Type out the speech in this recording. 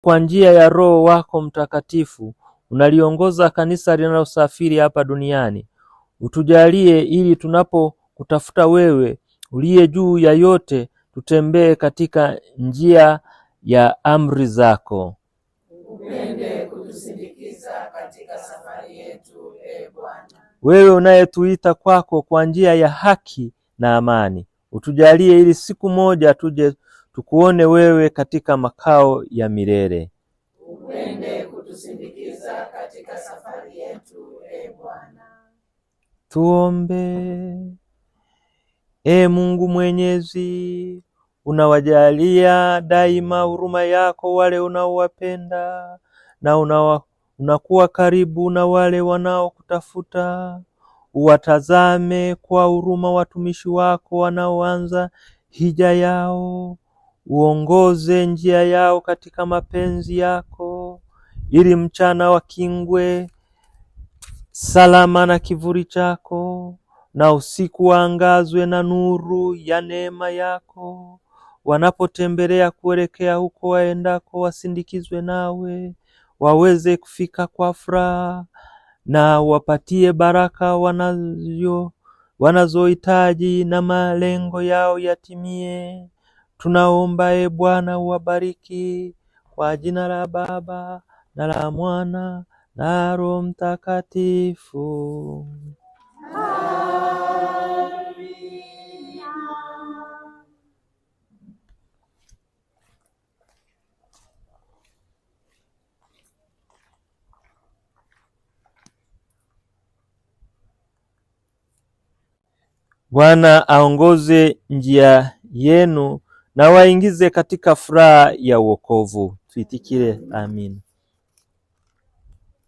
kwa njia ya Roho wako Mtakatifu unaliongoza Kanisa linalosafiri hapa duniani. Utujalie ili tunapokutafuta wewe uliye juu ya yote tutembee katika njia ya amri zako. Upende kutusindikiza katika safari yetu, e Bwana. Wewe unayetuita kwako kwa njia ya haki na amani, utujalie ili siku moja tuje Tukuone wewe katika makao ya milele. Upende kutusindikiza katika safari yetu, e Bwana. Tuombe. E Mungu Mwenyezi, unawajalia daima huruma yako wale unaowapenda na unawa, unakuwa karibu na wale wanaokutafuta. Uwatazame kwa huruma watumishi wako wanaoanza hija yao Uongoze njia yao katika mapenzi yako, ili mchana wakingwe salama na kivuli chako, na usiku waangazwe na nuru ya neema yako. Wanapotembelea kuelekea huko waendako, wasindikizwe nawe, waweze kufika kwa furaha, na wapatie baraka wanazo wanazohitaji, na malengo yao yatimie. Tunaomba e Bwana uwabariki kwa jina la Baba na la Mwana na Roho Mtakatifu. Bwana aongoze njia yenu na waingize katika furaha ya wokovu. Tuitikire, amin.